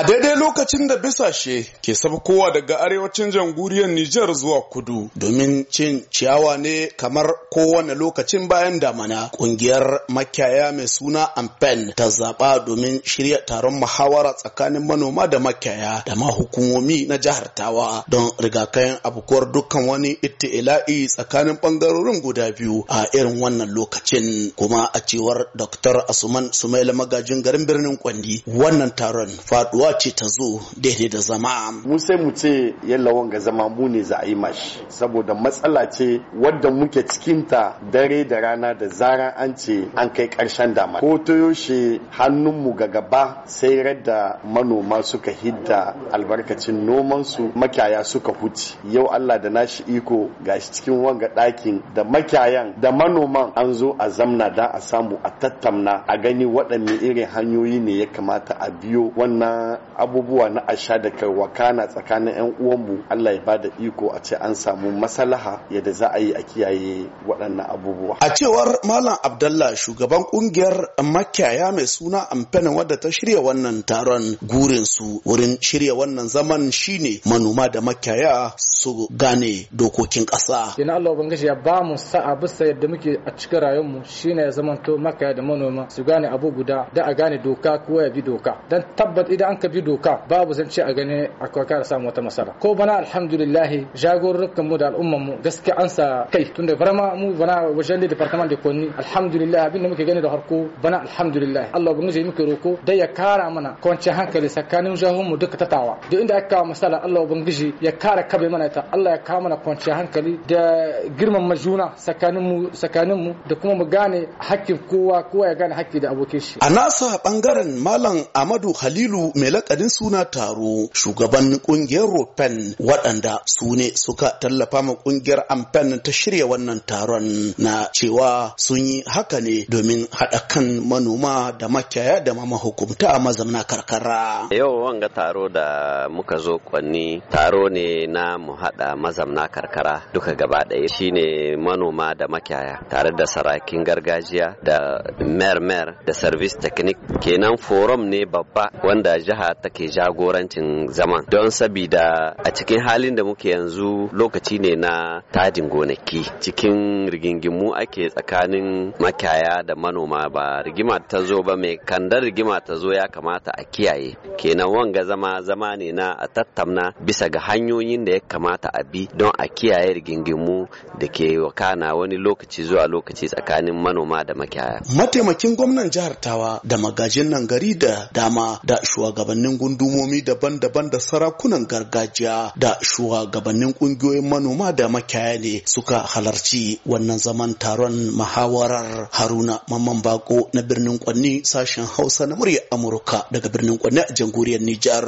Adede ah, lokacin da bisashe ke sabkowa daga arewacin jamhuriyar Nijar zuwa kudu domin cin ciyawa ne kamar kowane lokacin bayan damana kungiyar makiyaya mai suna Ampen ta zaba domin shirya taron muhawara tsakanin manoma da makiyaya da ma hukumomi na jihar Tawa don rigakayin abukuwar dukkan wani itti'ila'i tsakanin bangarorin guda biyu a irin wannan lokacin kuma a cewar Dr. Asuman Sumaila magajin garin birnin Kwandi wannan taron faduwa ce ta yanzu daidai da zama. Mu sai mu ce yalla wanga zama mu ne za a yi mashi saboda matsala ce wadda muke ta dare da rana da zara an ce an kai karshen dama. Ko ta yaushe hannunmu ga gaba sai radda manoma suka hidda albarkacin noman nomansu makiyaya suka huce. Yau Allah da nashi iko gashi cikin wanga ɗakin da makiyayan da manoman an zo a zamna da a samu a tattamna a gani waɗanne irin hanyoyi ne ya kamata a biyo wannan abu abubuwa na asha da kai wakana tsakanin 'yan uwanmu Allah ya bada iko a ce an samu maslaha yadda za a yi a kiyaye waɗannan abubuwa. A cewar Malam Abdallah shugaban kungiyar makiyaya mai suna amfana wadda ta shirya wannan taron gurin su wurin shirya wannan zaman shine manoma da makiyaya su gane dokokin ƙasa. Ina Allah gashi ya ba mu sa'a bisa yadda muke a cikin rayuwarmu shine ya zamanto makiyaya da manoma su gane abu guda da a gane doka ko ya bi doka. Dan tabbat idan an ka bi doka ta babu zance a gane akwai kara samu wata masara ko bana alhamdulillah jagororukan mu da al'umman mu gaskiya an sa kai tunda barama mu bana wajen da department da konni alhamdulillah abinda muke gani da harko bana alhamdulillah Allah ubangiji muke roko da ya kara mana kwanci hankali tsakanin jahun mu duka tatawa duk inda aka kawo masala Allah ubangiji ya kara kabe mana ta Allah ya kawo mana kwanci hankali da girman juna tsakanin mu tsakanin mu da kuma mu gane hakkin kowa kowa ya gane hakki da abokin shi a nasa bangaren malam Amadu Halilu mai lakadin suna taro shugaban kungiyar ropen waɗanda su ne suka tallafa ma kungiyar amfen ta shirya wannan taron na cewa sun yi haka ne domin haɗa kan manoma da makiyaya da ma mahukumta a mazamna karkara yau wanga taro da muka zo kwanni taro ne na mu haɗa mazamna karkara duka gaba ɗaya shine manoma da makiyaya tare da sarakin gargajiya da mer-mer da service technique kenan forum ne babba wanda jiha take jagorancin zaman don sabida a cikin halin da muke yanzu lokaci ne na tajin gonaki cikin rigingimu ake tsakanin makiyaya da manoma ba rigima ta zo ba mai kandar rigima ta zo ya kamata a kiyaye kenan wanga zama zama ne na a tattamna bisa ga hanyoyin da ya kamata a bi don a kiyaye rigingimu da ke wakana wani lokaci zuwa lokaci tsakanin manoma da makiyaya mataimakin gwamnan jihar tawa da magajin nan gari da dama da shugabannin gundu gundumomi daban-daban da sarakunan gargajiya da shugabannin kungiyoyin manoma da makiyaya ne suka halarci wannan zaman taron muhawarar haruna mamman bako na birnin kwanni sashen hausa na murya amurka daga birnin kwanni a jamhuriyar nijar